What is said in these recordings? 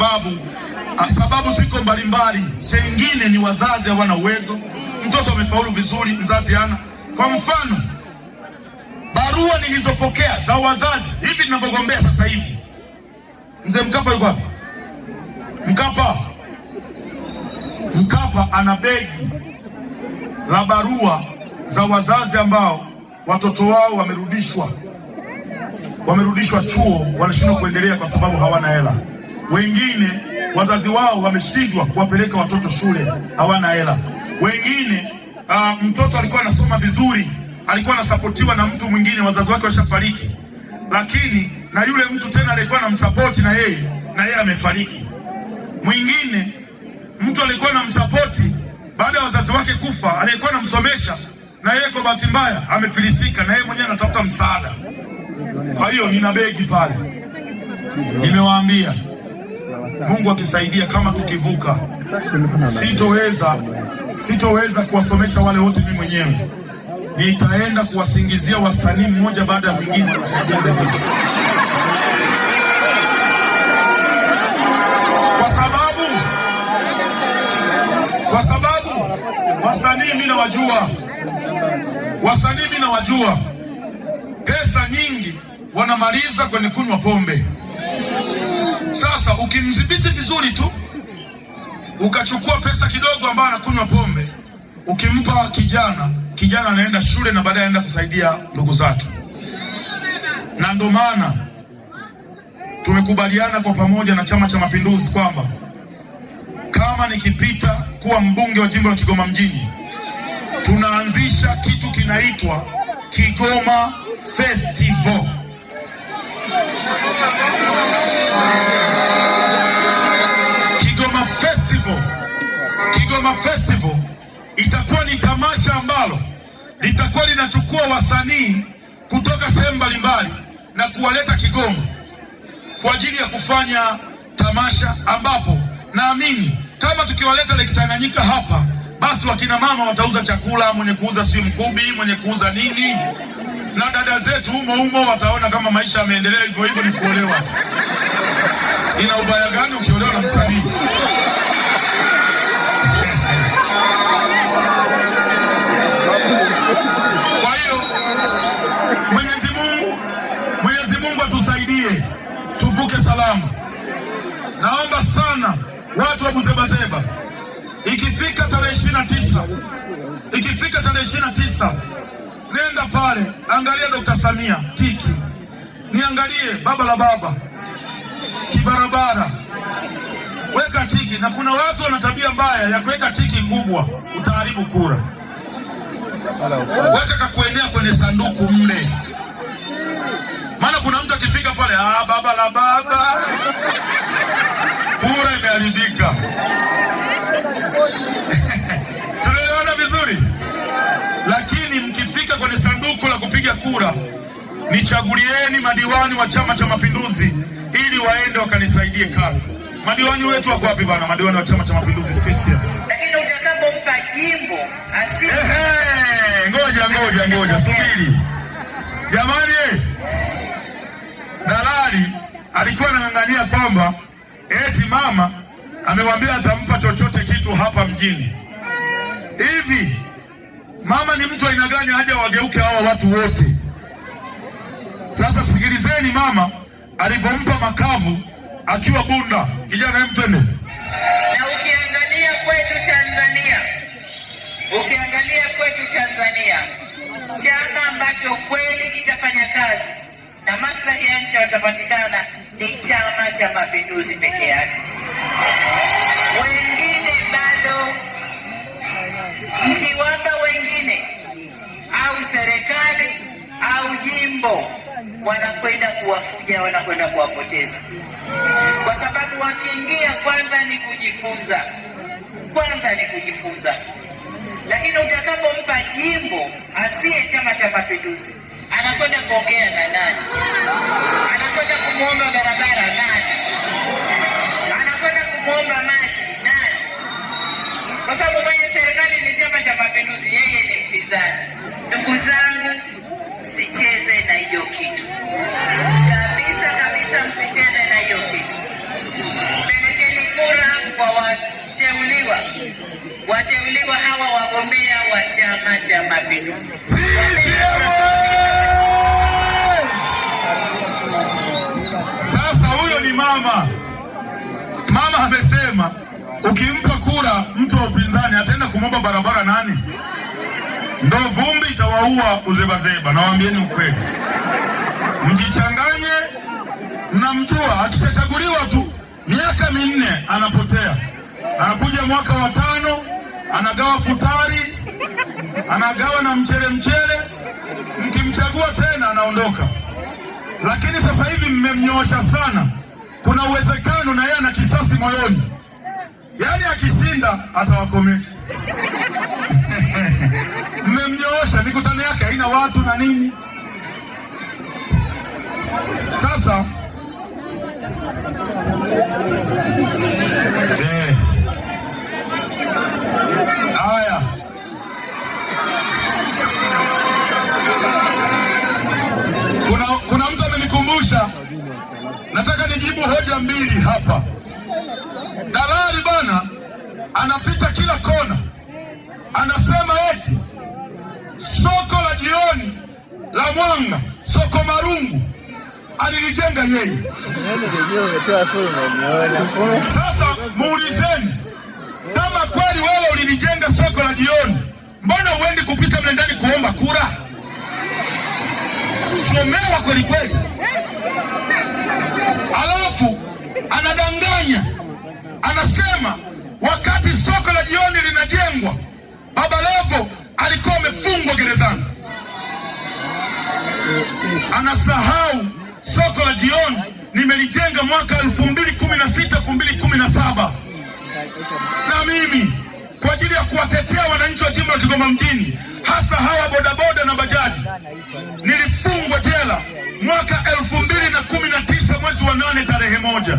sababu ah, sababu ziko mbalimbali, sengine ni wazazi hawana uwezo, mtoto amefaulu vizuri, mzazi ana Kwa mfano barua nilizopokea za wazazi hivi ninavyogombea sasa hivi, mzee Mkapa yuko hapa. Mkapa Mkapa ana begi la barua za wazazi ambao watoto wao wamerudishwa wamerudishwa chuo, wanashindwa kuendelea kwa sababu hawana hela wengine wazazi wao wameshindwa kuwapeleka watoto shule, hawana hela. Wengine uh, mtoto alikuwa anasoma vizuri, alikuwa anasapotiwa na mtu mwingine, wazazi wake washafariki, lakini na yule mtu tena alikuwa anamsapoti na yeye na yeye amefariki. Mwingine mtu alikuwa anamsapoti baada ya wazazi wake kufa, aliyekuwa anamsomesha na yeye kwa bahati mbaya amefilisika, na yeye mwenyewe anatafuta msaada. Kwa hiyo nina begi pale, nimewaambia Mungu akisaidia, kama tukivuka, sitoweza sitoweza kuwasomesha wale wote mimi mwenyewe, nitaenda kuwasingizia wasanii mmoja baada ya mwingine. Kwa sababu kwa sababu wasanii mimi nawajua, wasanii mimi nawajua, pesa nyingi wanamaliza kwenye kunywa pombe. Sasa ukimdhibiti vizuri tu, ukachukua pesa kidogo ambayo anakunywa pombe, ukimpa kijana, kijana anaenda shule na baadaye anaenda kusaidia ndugu zake. Na ndo maana tumekubaliana kwa pamoja na Chama cha Mapinduzi kwamba kama nikipita kuwa mbunge wa jimbo la Kigoma mjini, tunaanzisha kitu kinaitwa Kigoma Festival. Mama Festival itakuwa ni tamasha ambalo litakuwa linachukua wasanii kutoka sehemu mbalimbali na kuwaleta Kigoma kwa ajili ya kufanya tamasha, ambapo naamini kama tukiwaleta Lake Tanganyika hapa, basi wakina mama watauza chakula, mwenye kuuza si mkubi, mwenye kuuza nini, na dada zetu humo humo wataona kama maisha yameendelea hivyo hivyo, ni kuolewa. Ina ubaya gani ukiolewa na msanii? Mwenyezi Mungu, Mwenyezi Mungu atusaidie tuvuke salama. Naomba sana watu wa Buzebazeba, ikifika tarehe ishirini na tisa ikifika tarehe ishirini na tisa nenda pale, angalia Dr. Samia tiki, niangalie baba la baba kibarabara, weka tiki. Na kuna watu wana tabia mbaya ya kuweka tiki kubwa, utaharibu kura weka kakuenea kwenye sanduku mle, maana kuna mtu akifika pale, ah, baba la baba, kura imeharibika. Tunaelewana vizuri, lakini mkifika kwenye sanduku la kupiga kura, nichagulieni madiwani wa Chama cha Mapinduzi ili waende wakanisaidie kazi. Madiwani wetu wako wapi bana? Madiwani wa Chama cha Mapinduzi sisi. Lakini utakapompa jimbo asije. Ngoja ngoja ngoja, subiri. Jamani, eh. dalali alikuwa anang'ang'ania kwamba eti mama amemwambia atampa chochote kitu hapa mjini. Hivi mama ni mtu aina gani aje wageuke hawa watu wote? Sasa sikilizeni, mama alipompa makavu akiwa Bunda, kijana Mtende. Na ukiangalia kwetu Tanzania, ukiangalia kwetu Tanzania, chama ambacho kweli kitafanya kazi na maslahi ya nchi yatapatikana ni Chama cha Mapinduzi peke yake. Wengine bado mkiwapa wengine au serikali au jimbo, wanakwenda kuwafuja, wanakwenda kuwapoteza kwa sababu wakiingia, kwanza ni kujifunza, kwanza ni kujifunza. Lakini utakapompa jimbo asiye Chama cha Mapinduzi, anakwenda kuongea na nani? Anakwenda kumwomba barabara nani? Anakwenda kumwomba maji nani? Kwa sababu mwenye serikali ni Chama cha Mapinduzi, yeye ni mpinzani. Ndugu zangu, msicheze na hiyo kitu kabisa kabisa, msicheze kwa wateuliwa wateuliwa hawa wagombea wa Chama cha Mapinduzi. Sasa huyo ni mama mama amesema, ukimpa kura mtu wa upinzani ataenda kumwomba barabara nani? Ndo vumbi itawaua uzebazeba. Nawaambieni ukweli, mjichanganye na mjua, akishachaguliwa tu miaka minne anapotea, anakuja mwaka wa tano, anagawa futari, anagawa na mchele mchele, mkimchagua tena anaondoka. Lakini sasa hivi mmemnyoosha sana, kuna uwezekano na yeye ana kisasi moyoni, yaani akishinda atawakomesha mmemnyoosha, mikutano yake haina watu na nini sasa Haya, kuna, kuna mtu amenikumbusha, nataka nijibu hoja mbili hapa. Dalali bana anapita kila kona, anasema eti soko la jioni la Mwanga, soko marungu alilijenga yeye. Sasa muulizeni kama kweli wewe ulilijenga soko la jioni, mbona uendi kupita mle ndani kuomba kura? Somewa kweli kweli, alafu anadanganya, anasema wakati soko la jioni linajengwa Baba Levo alikuwa amefungwa gerezani, anasahau soko la jion nimelijenga mwaka 2016 2017, na mimi kwa ajili ya kuwatetea wananchi wa jimbo la Kigoma mjini, hasa hawa bodaboda na bajaji. Nilifungwa jela mwaka 2019 mwezi wa nane tarehe moja.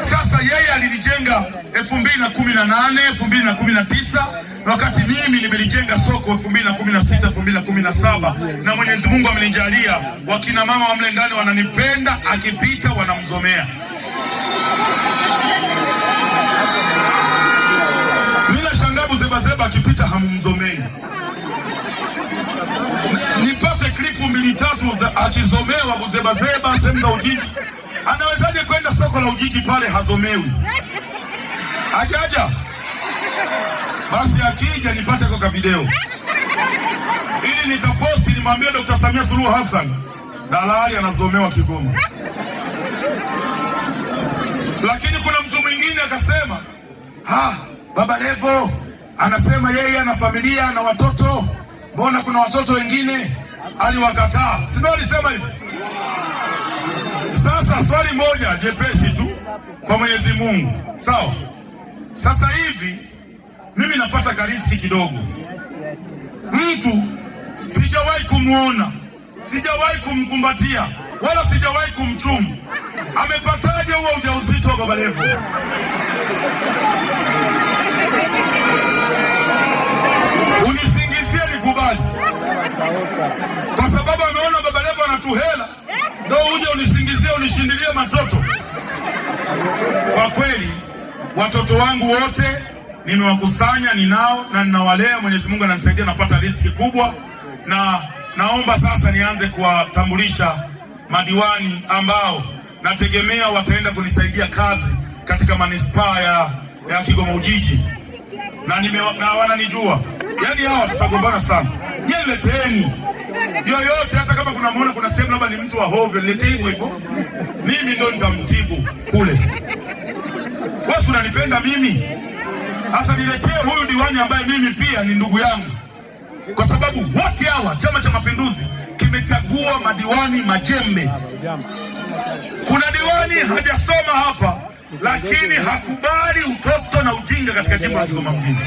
Sasa yeye alilijenga 2018 2019 wakati mimi nimelijenga soko 2016 2017, na Mwenyezi Mungu amenijalia wakina mama wa mle ndani wananipenda, akipita wanamzomea. Nina shangabu zebazeba, akipita hamumzomei. Nipate klipu mbili tatu akizomewa kuzebazeba sehemu za Ujiji. Anawezaje kwenda soko la Ujiji pale hazomewi? Ajaja basi akija nipate kwa video ili nikaposti, nimwambie Dr. Samia Suluhu Hassan dalali anazomewa Kigoma. Lakini kuna mtu mwingine akasema, ha, Baba Levo anasema yeye ana familia na watoto, mbona kuna watoto wengine aliwakataa? Si ndio alisema hivyo? Sasa swali moja jepesi tu kwa Mwenyezi Mungu, sawa? Sasa hivi mimi napata kariski kidogo. Mtu sijawahi kumwona, sijawahi kumkumbatia, wala sijawahi kumchumu. Amepataje huo ujauzito wa Baba Levo? Unisingizie nikubali, kwa sababu ameona Baba Levo anatuhela, ndo uje unisingizie unishindilie matoto. Kwa kweli watoto wangu wote nimewakusanya ninao na ninawalea. Mwenyezi Mungu ananisaidia, napata riziki kubwa, na naomba sasa nianze kuwatambulisha madiwani ambao nategemea wataenda kunisaidia kazi katika manispaa ya, ya Kigoma Ujiji na, nime, na wananijua yani hawa tutagombana sana. Nyie nileteni yoyote, hata kama kuna muona kuna sehemu labda ni mtu wa hovyo, nileteni hivyo, mimi ndo nitamtibu kule. Wewe unanipenda mimi sasa niletee huyu diwani ambaye mimi pia ni ndugu yangu, kwa sababu wote hawa Chama cha Mapinduzi kimechagua madiwani majembe. Kuna diwani hajasoma hapa, lakini hakubali utoto na ujinga katika jimbo la Kigoma Mjini.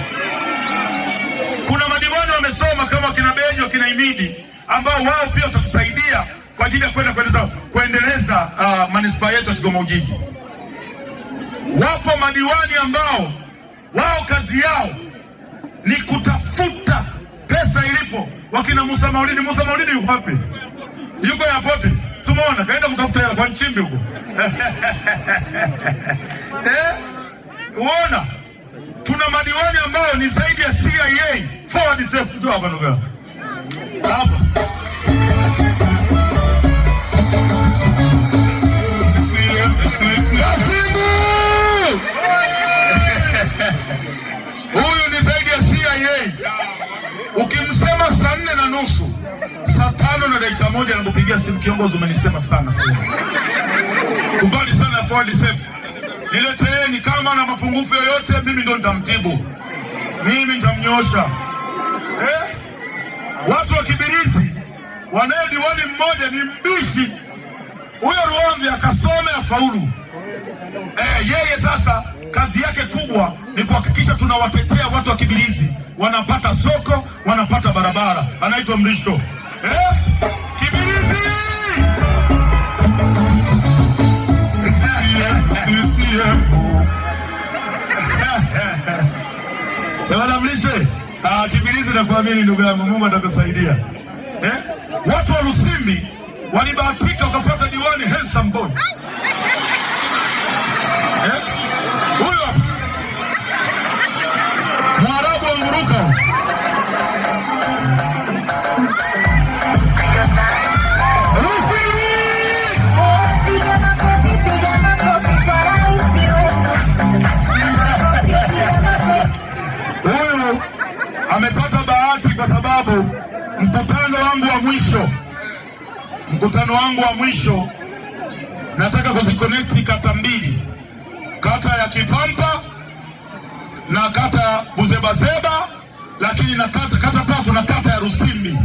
Kuna madiwani wamesoma kama kina Benjo, kina Imidi, ambao wao pia watatusaidia kwa ajili ya kwenda kuendeleza, kuendeleza uh, manispaa yetu ya Kigoma Ujiji. Wapo madiwani ambao wao kazi yao ni kutafuta pesa ilipo. Wakina Musa Maulidi, Musa Maulidi yuko wapi? Yuko yapoti, simuona kaenda kutafuta hela kwa Nchimbi huko eh? Uona, tuna madiwani ambayo ni zaidi ya CIA forward safe. tu hapa ndugu hapa nusu saa tano na dakika moja nakupigia simu kiongozi, umenisema sana sana, kubali sana forward safe, nileteeni kama na mapungufu yoyote, mimi ndo nitamtibu, mimi nitamnyosha. Eh, watu wa Kibirizi wanaye diwani mmoja ni mbishi huyo, Ruambi akasome afaulu. Eh, yeye sasa kazi yake kubwa ni kuhakikisha tunawatetea watu wa Kibirizi wanapata soko wanapata barabara, anaitwa mrisho eh? eh Mlishe ah, kibilizi na kuamini, ndugu yangu, Mungu atakusaidia eh? Watu wa Lusimbi walibahatika wakapata diwani handsome boy mkutano wangu wa mwisho nataka kuzikonekti kata mbili, kata ya Kipampa na kata ya Buzebazeba, lakini na kata, kata tatu na kata ya Rusimbi.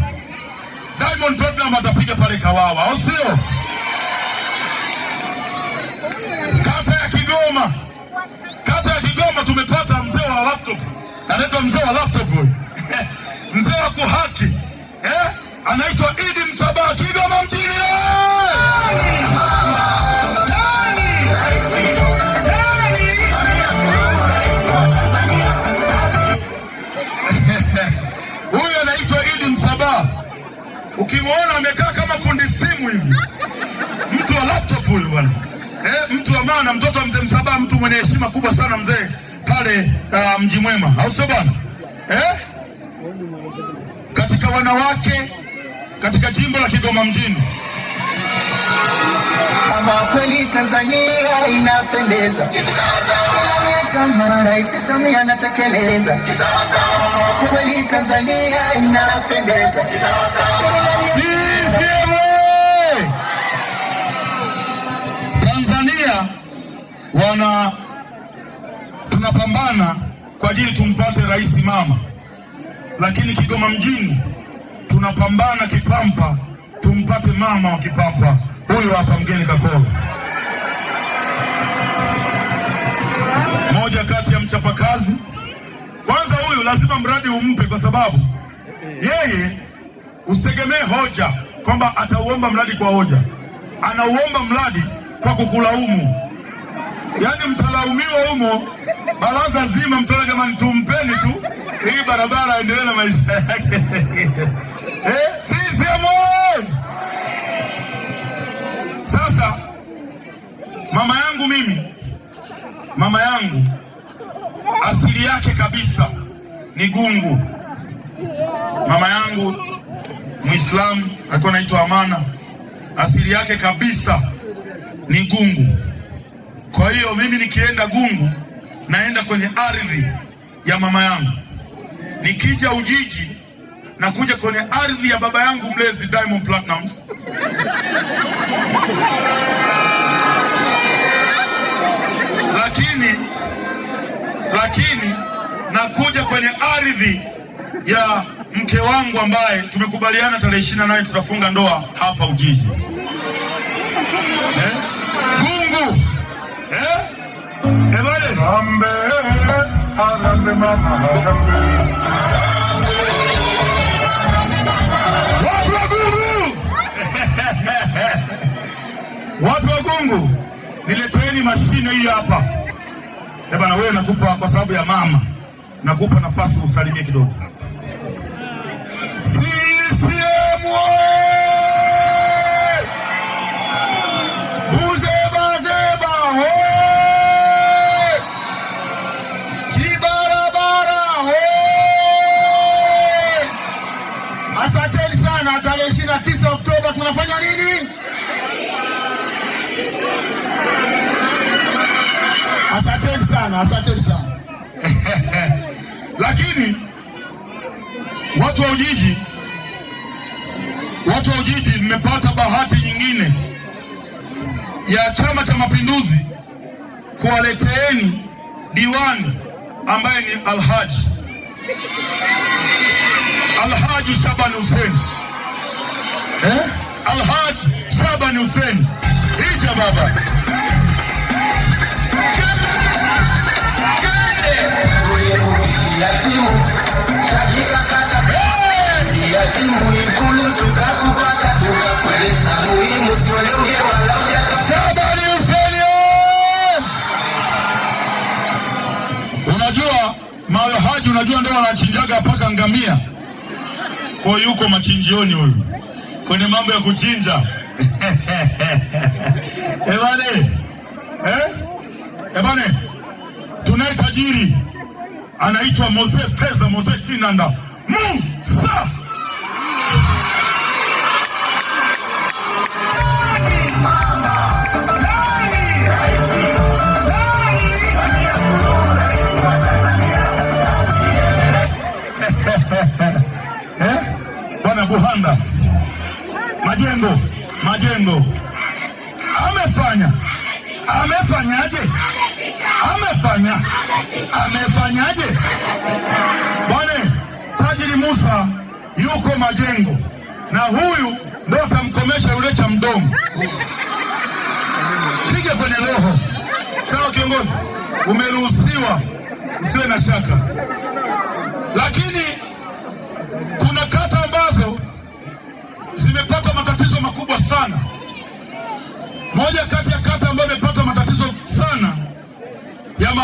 Diamond Platinum atapiga pale Kawawa, au sio? Kata ya Kigoma, kata ya Kigoma tumepata mzee wa laptop, anaitwa mzee wa laptop huyu mzee wa kuhaki eh? anaitwa Idi Msabati, hivyo mjini huyu anaitwa Idi Msaba, Ukimwona amekaa kama fundi simu hivi, mtu wa laptop huyu bwana eh, mtu wa maana, mtoto wa mzee Msaba, mtu mwenye heshima kubwa sana mzee pale uh, Mji Mwema, au sio bwana eh? Katika wanawake katika jimbo la Kigoma mjini. Kama kweli Tanzania inapendeza, chama Rais Samia anatekeleza. Kweli Tanzania inapendeza. Tanzania wana tunapambana kwa ajili tumpate rais mama, lakini Kigoma mjini tunapambana Kipampa tumpate mama wa Kipampa. Huyu hapa mgeni Kakolo, moja kati ya mchapakazi. Kwanza huyu lazima mradi umpe, kwa sababu yeye usitegemee hoja kwamba atauomba mradi kwa hoja, anauomba mradi kwa kukulaumu. Yaani mtalaumiwa humo, baraza zima mtaona kama tumpeni tu hii barabara, endelee na maisha yake Eh, CCM Sasa mama yangu mimi, mama yangu asili yake kabisa ni Gungu. Mama yangu Muislamu, alikuwa anaitwa Amana, asili yake kabisa ni Gungu. Kwa hiyo mimi nikienda Gungu naenda kwenye ardhi ya mama yangu, nikija Ujiji na kuja kwenye ardhi ya baba yangu mlezi Diamond Platnumz lakini lakini nakuja kwenye ardhi ya mke wangu ambaye tumekubaliana tarehe ishirini na nane tutafunga ndoa hapa Ujiji eh? Gungu eh? Watu wa Gungu, nileteni mashine hii hapa. Eh bana, wewe nakupa kwa sababu ya mama, nakupa nafasi usalimie kidogo. CCM buzeba zeba ho kibarabara Asanteni sana, tarehe 29 Oktoba tunafanya nini? sana, asanteni sana lakini watu wa Ujiji, watu wa Ujiji, mmepata bahati nyingine ya Chama cha Mapinduzi kuwaleteeni diwani ambaye ni Alhaji Alhaji Shabani Hussein eh? Alhaji Shabani Hussein ija baba Shabani Hussein, unajua mawe haji, unajua ndio wanachinjaga paka ngamia, kwa yuko machinjioni huyu kwenye mambo ya kuchinja ebane eh? ebane tajiri anaitwa Mose Feza Mose Kinanda Musa. Buhanda majengo majengo amefanya amefanyaje? amefanya amefanyaje? Bwana tajiri Musa yuko Majengo, na huyu ndo atamkomesha yule cha mdomo. pige kwenye roho, sawa kiongozi, umeruhusiwa usiwe na shaka, lakini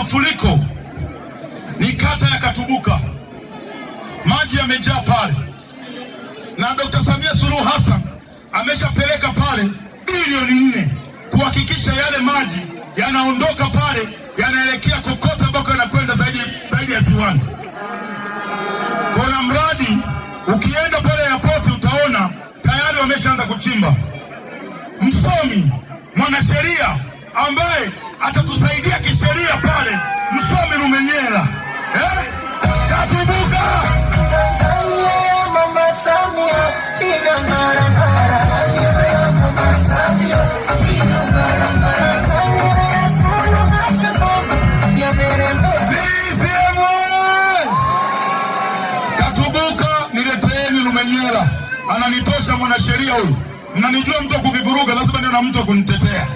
mafuriko ni kata ya Katubuka, maji yamejaa pale, na Dr. Samia Suluhu Hassan ameshapeleka pale bilioni nne kuhakikisha yale maji yanaondoka pale yanaelekea kokote ambako yanakwenda zaidi, zaidi ya ziwani. Kuna mradi ukienda pale yapoti utaona tayari wameshaanza kuchimba. Msomi mwanasheria ambaye atatusaidia kisheria pale, msomi Lumenyera eh? Katumbuka Mama Samia ina barabara ananitosha mwanasheria huyu. Mnanijua mtu kuvivuruga, lazima niwe na mtu kunitetea.